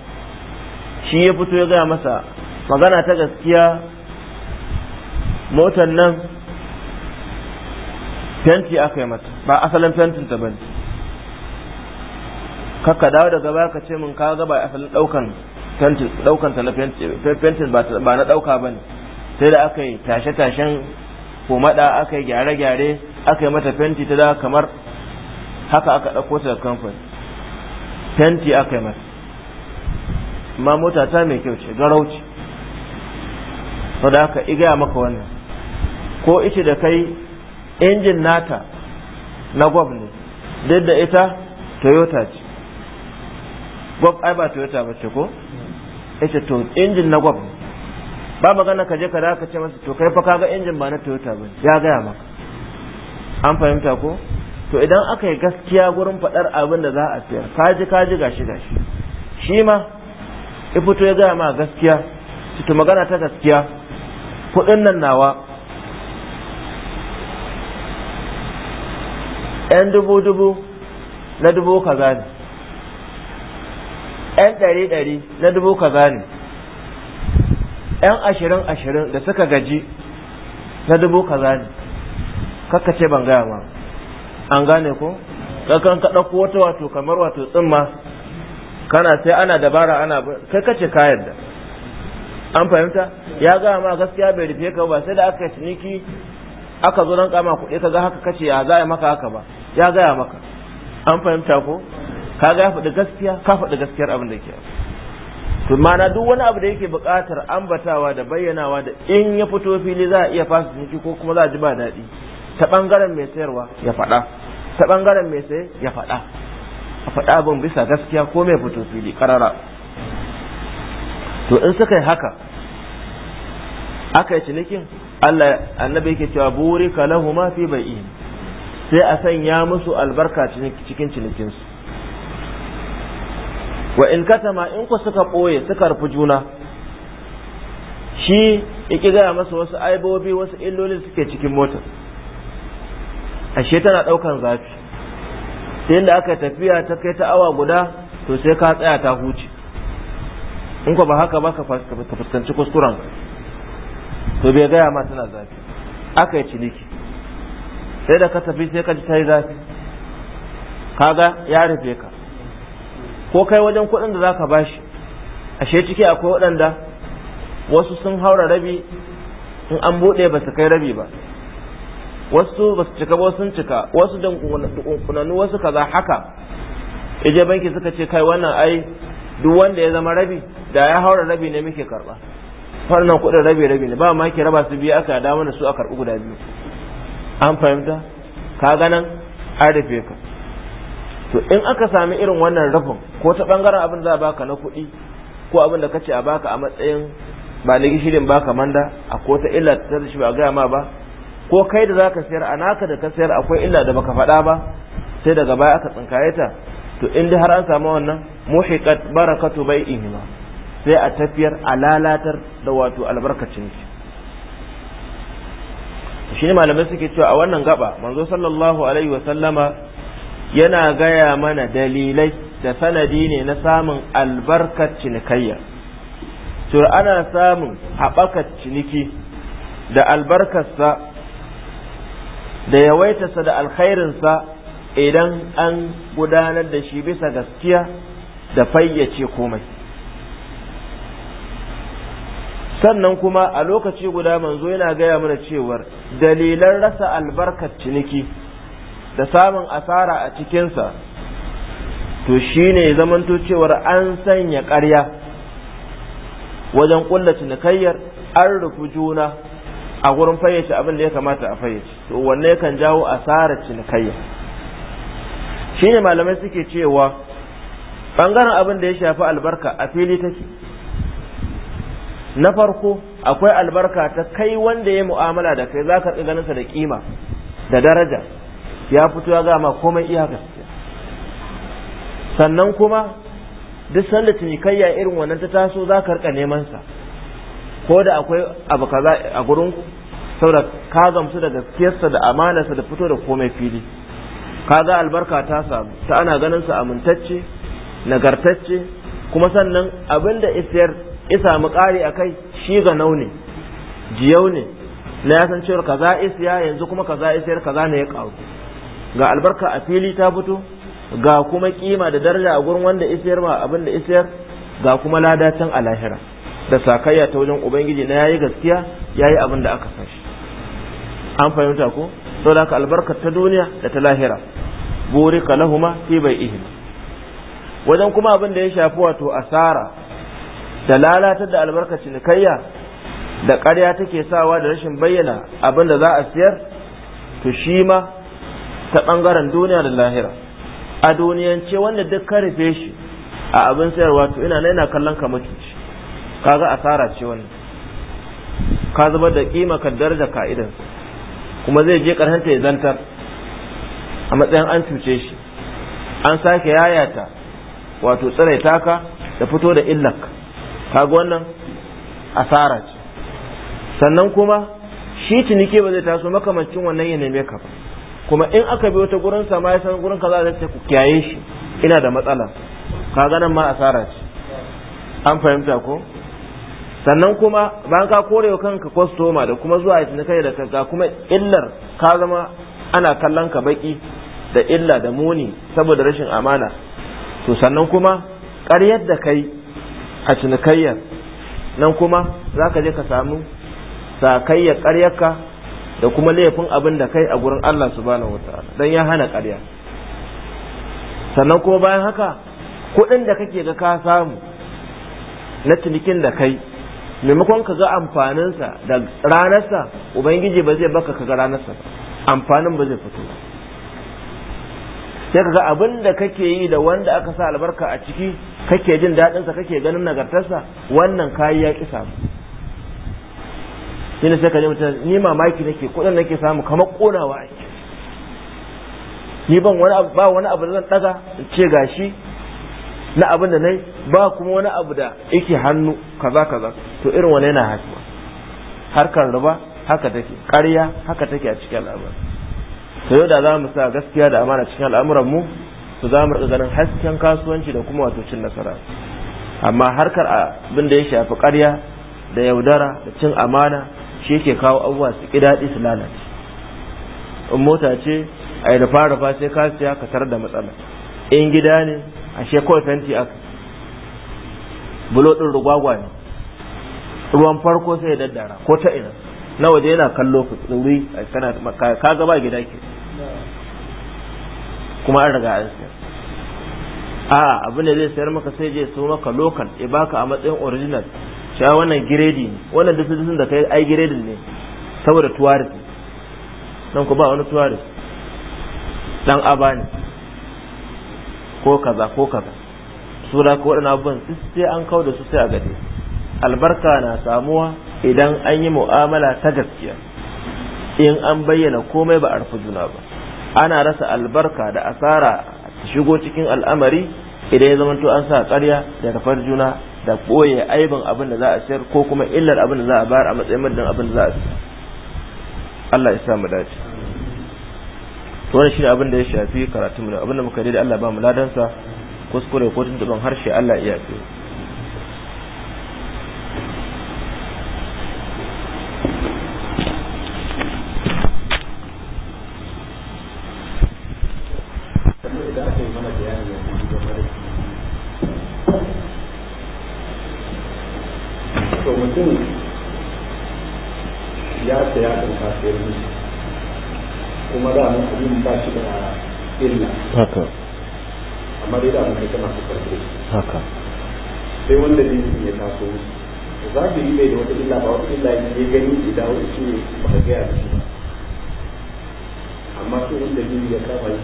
shi ya fito ya gaya masa magana ta gaskiya motan nan fenti aka yi mata ba asalin fentin ta bane kaka dawo daga baya ka ce min ka ga ba asalin daukan fentin daukan ta na fenti ba na dauka bane sai da aka yi tashe tashen komada aka yi gyare gyare aka yi mata fenti ta da kamar haka aka dauko ta da kamfan fenti aka yi mata amma mota ta mai kyau ce garauci da ka igaya maka wannan ko ice da kai injin nata na gwamnati duk da ita toyota ce gwab ai ba toyota ba ce ko yace to injin na gwab ba magana ka je ka da ka ce masa to kai fa kaga injin ba na toyota ba ya gaya maka an fahimta ko to idan aka yi gaskiya gurin faɗar abin da za a siyar kaji kaji gashi gashi shi ma ya fito ya gaya ma gaskiya to magana ta gaskiya kuɗin nan nawa yan dubu dubu na dubu kaza ne 'yan ɗari ɗari na dubu kaza ne 'yan ashirin ashirin da suka gaji na dubu kaza ne kaka ce ban gaya ma an gane ko kakan ka ɗauko wata wato kamar wato tsimma kana sai ana dabara ana kai ce kayan da an fahimta ya gaya ma gaskiya bai rufe ka ba sai da aka ciniki aka zo ran kama kuɗi ka ga haka kace ya za maka haka ba ya gaya maka an fahimta ko ka ga ya faɗi gaskiya ka faɗi gaskiyar abin da ke to mana duk wani abu da yake buƙatar ambatawa da bayyanawa da in ya fito fili za a iya fasa ciniki ko kuma za a ji ba daɗi ta ɓangaren mai sayarwa ya faɗa ta ɓangaren mai sayi ya faɗa a faɗa abin bisa gaskiya ko mai fito fili ƙarara to in suka yi haka aka yi cinikin Allah annabi yake cewa burika ma fi bai'in sai a sanya musu albarka cikin cinikinsu wa in katama in ku suka ɓoye suka rufi juna shi yake gaya masa wasu aibobi wasu illoli suke cikin motar ashe tana ɗaukan zafi sai da aka tafiya ta kai ta awa guda to sai ka tsaya ta huce in ba haka ba ka fuskanci kuskuren to bai gaya ma tana zafi aka yi ciniki sai da ka tafi sai ka ji ta yi zafi kaga ya rufe ka ko kai wajen kuɗin da zaka shi ashe ciki akwai waɗanda wasu sun haura rabi in an buɗe ba su kai rabi ba wasu ba su cika ba sun cika wasu dunkunannu wasu kaza haka ije banki suka ce kai wannan ai duk wanda ya zama rabi da ya haura rabi ne muke karba farnan kuɗin rabi rabi ne ba ma ki raba su biyu aka da mana su a karbi guda biyu an fahimta ka ganan an rufe ka to in aka sami irin wannan rufin ko ta bangaren abin za a baka na kuɗi ko abin da ce a baka a matsayin ba na gishirin baka manda a ko ta illa ta shi ba gaya ma ba ko kai da zaka sayar a naka da ka sayar akwai illa da baka faɗa ba sai daga baya aka tsinkaye ta to in har an samu wannan muhiqat barakatu bai'ihima sai a tafiyar a lalatar da wato albarkacin shi shi ne malamai suke cewa a wannan gaba manzo sallallahu alaihi wa sallama yana gaya mana dalilai da sanadi ne na samun albarkar cinikayya to ana samun haɓakar ciniki da albarkarsa da yawaitarsa da alkhairinsa idan an gudanar da shi bisa gaskiya da fayyace komai sannan kuma a lokaci guda manzo yana gaya mana cewar dalilan rasa albarkar ciniki da samun asara a cikinsa to shi ne zamanto cewar an sanya ƙarya wajen ƙulla cinikayyar an rufu juna a gurin fayyace abin da ya kamata a fayyace to wanne kan jawo asarar cinikayya ne malamai suke cewa ɓangaren abin da ya shafi albarka a fili take na farko akwai albarka ta kai wanda ya mu'amala da kai za ka ganin sa da kima da daraja ya fito ya gama komai iya gaskiya sannan kuma duk sanda cinikayya irin wannan ta taso za ka rika neman sa ko da akwai abu kaza a gurin saboda ka gamsu da gaskiyarsa da amanarsa da fito da komai fili kaga albarka ta samu ta ana ganin sa amintacce nagartacce kuma sannan abinda isiyar isa mu kare kai shi ga naune jiyau ne na ya san cewa kaza isiya yanzu kuma kaza isiyar kaza ne ya karu ga albarka a fili ta fito ga kuma kima da daraja a gurin wanda isiyar ba abin da isiyar ga kuma lada can a lahira da sakayya ta wajen ubangiji na yayi gaskiya yayi abin da aka shi an fahimta ko saboda ka albarkar ta duniya da ta lahira burika lahuma fi bai'ihim wajen kuma abin da ya shafi wato asara da lalatar da albarka cinikayya da ƙarya take sawa da rashin bayyana abin da za a siyar to shi ma ta ɓangaren duniya da lahira a duniyance wanda duk ka rufe shi a abin sayarwa to ina na yana kallon ka mutunci ga asara ce wannan ka zubar da kima ka daraja ka'idan kuma zai je karhanta ya zantar a matsayin an cuce shi an sake yayata wato tsiraita ka da fito da illak Ka ga wannan asara ce sannan kuma shi ciniki ba zai taso makamancin wannan ya neme ka ba kuma in aka bi wata gurin sama ya san gurin kaza zai ce ku kiyaye shi ina da matsala ka nan ma asara ce an fahimta ko sannan kuma bayan ka kore wa kanka kwastoma da kuma zuwa yi kai da kanka kuma illar ka zama ana kallon ka baki da illa da muni saboda rashin amana to sannan kuma ƙaryar da kai a cinikayyar nan kuma za ka je ka samu sakayyar ka. da kuma laifin abin da kai a gurin Allah subhanahu wataala dan ya hana ƙarya sannan kuma bayan haka kuɗin da kake ga ka samu na cinikin da kai maimakon ka ga amfaninsa da ranarsa ubangiji ba zai baka ka ga ranarsa amfanin ba zai fito sai ka ga abin da kake yi da wanda aka sa albarka a ciki kake jin daɗinsa kake ganin nagartarsa wannan kayi ya ƙi shi ne sai ka je mutum ni mamaki nake kudin nake samu kamar ƙonawa ake ni ban wani abu ba wani abu da zan daga in ce gashi na abin da nai ba kuma wani abu da yake hannu kaza kaza to irin wani yana haifuwa harkar riba haka take ƙarya haka take a cikin al'amuran. to yau da za mu sa gaskiya da amana cikin al'amuran mu to za mu riƙa ganin hasken kasuwanci da kuma wato cin nasara amma harkar abin da ya shafi ƙarya da yaudara da cin amana shi yake kawo abubuwa su ki daɗi su lalace in mota ce a yi fara rufa sai ka siya ka da matsala in gida ne a she kawai fenti aka bulo ɗin rugwagwa ne ruwan farko sai ya daddara ko ta ina na waje yana kallo ku tsuri ka gaba gida ke kuma an riga an siya a abin da zai sayar maka sai je su maka lokal ya baka a matsayin original cewa wannan giredi ne wannan disidisin da kai ai giredin ne saboda tuwaris nan ku ba wani tuwaris dan aba ne ko kaza ko kaza su da ko waɗannan abubuwan sai an kawo da su sai a gade albarka na samuwa idan an yi mu'amala ta gaskiya in an bayyana komai ba a rufe juna ba ana rasa albarka da asara shigo cikin al'amari idan ya to an sa ƙarya da rufar juna da boye aibin abin da za a sayar ko kuma illar abin da za a bayar a matsayin muddin abin da za a sayar Allah ya sa mu dace to wannan shine abin da ya shafi karatu mu abin da muka da Allah ba mu ladansa kuskure ko tuntuban harshe Allah iya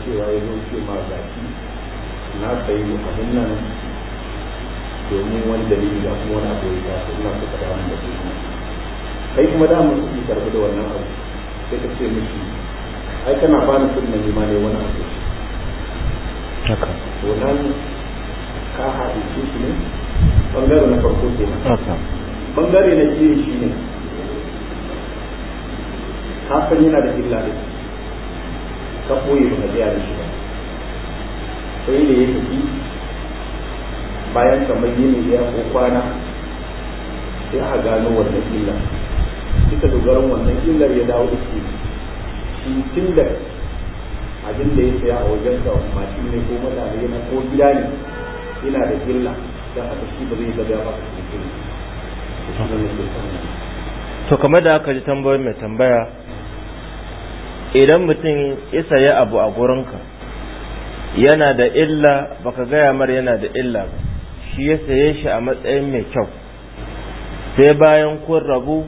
cewa ya zo ce ma zaki na sayi abin nan domin wani dalili da kuma wani abu ya ce ina so ka dawo da shi kai kuma da mun kuɗi karɓi da wannan abu sai ka ce miki ai kana ba ni kuɗin nan ma ne wani abu haka to nan ka haɗe shi shi ne bangare na farko ke kenan haka bangare na biyu shi ne hakan yana da illa da shi ka koyi ba ka gaya da shi ba sai da ya tafi bayan kamar yini ya ko kwana sai aka gano wannan illa duka dogaron wannan illar ya dawo da shi shi tun da abin da ya saya a wajen sa mashin ne ko mutane na ko gida ne yana da illa don haka shi ba zai ga ba a cikin to kamar da aka ji tambayar mai tambaya idan mutum isa ya abu a gurinka yana da illa baka gaya mar yana da illa ba shi ya saye shi a matsayin mai kyau sai bayan kun rabu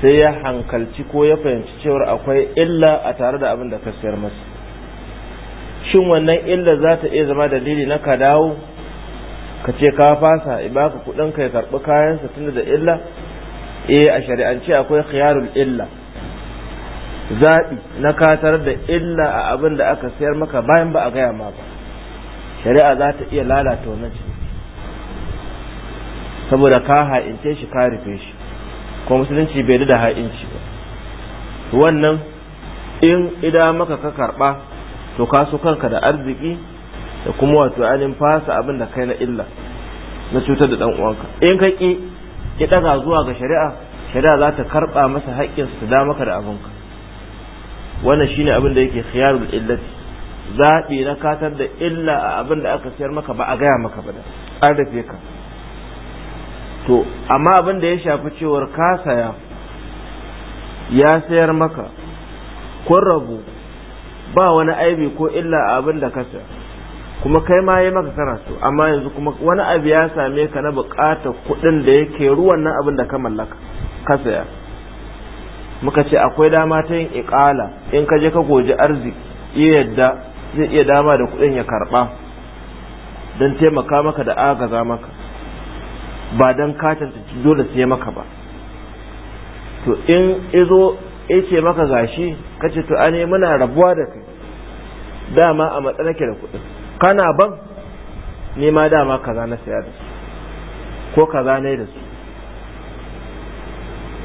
sai ya hankalci ko ya fahimci cewar akwai illa a tare da abin da ka sayar masa shin wannan illa za ta iya zama dalili na ka dawo ka ce ka fasa baka kudin ka ya karbi kayansa tunda da illa eh a shari'ance akwai khiyarul illa zaɓi na katar da illa a abin da aka sayar maka bayan ba a gaya ma ba shari'a za ta iya lalata wannan ciniki saboda ka ha'ince shi ka rufe shi ko musulunci bai da ha'inci ba wannan in ida maka ka karɓa to ka so kanka da arziki da kuma wato ainihin fasa abin da kai na illa na cutar da dan uwanka in ka ki ki daga zuwa ga shari'a shari'a za ta karba masa haƙƙin su da maka da abinka wannan shine abin da yake khiyarul illati zabi na katar da illa a abin da aka siyar maka ba a gaya maka ba da ka to amma abin da ya shafi cewar ka saya ya sayar maka kun rabu ba wani aibi ko illa a abin da ka saya kuma kai ma yi maka kana so amma yanzu kuma wani abu ya same ka na bukatar kuɗin da yake ruwan nan abin da ka mallaka ka saya muka ce akwai dama ta yin ikala in ka je ka goji arziki iya yadda zai iya dama da kuɗin ya karɓa don taimaka maka da agaza maka ba don ka cancanci dole sai maka ba to in izo ya ce maka gashi ka ce to ane muna rabuwa da kai dama a matsanake da kudin kana ban nema dama kaza na saya da su ko kaza ne da su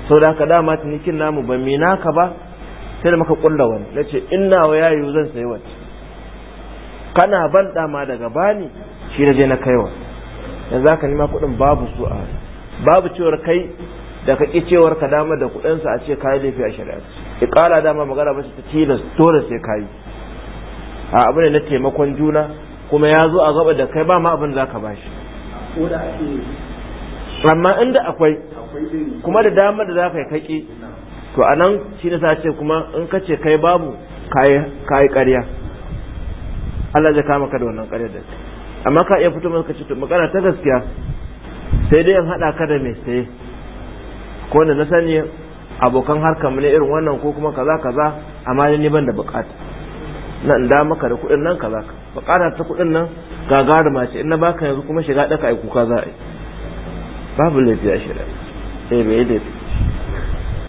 sau da haka dama kin namu ba mai naka ba sai da maka kulla wani na ce ina wa yayu zan sayi wacce kana ban dama daga bani shi da je na kaiwa yanzu haka nima kuɗin babu su a babu cewar kai da ka ƙi cewar ka dama da kuɗinsa a ce kayi laifi a shari'a iƙala dama magana ba ta tilas dole sai kayi a abu ne na taimakon juna kuma ya zo a gaba da kai ba ma abin za ka ba shi amma inda akwai kuma da damar da za ka yi kaƙi, to a nan shi na sa ce kuma in ka ce kai babu ka yi ƙarya Allah zai kama ka da wannan ƙarya da amma ka iya fito maka ce to magana ta gaskiya sai dai in haɗa ka da mai saye ko da na sani abokan harkar mu ne irin wannan ko kuma kaza kaza amma ni ban da bukata na in da maka da kuɗin nan kaza ka bukata ta kuɗin nan gagaruma ce in na baka yanzu kuma shiga ɗaka ai kuka za a yi babu laifi a shirya 对，对的。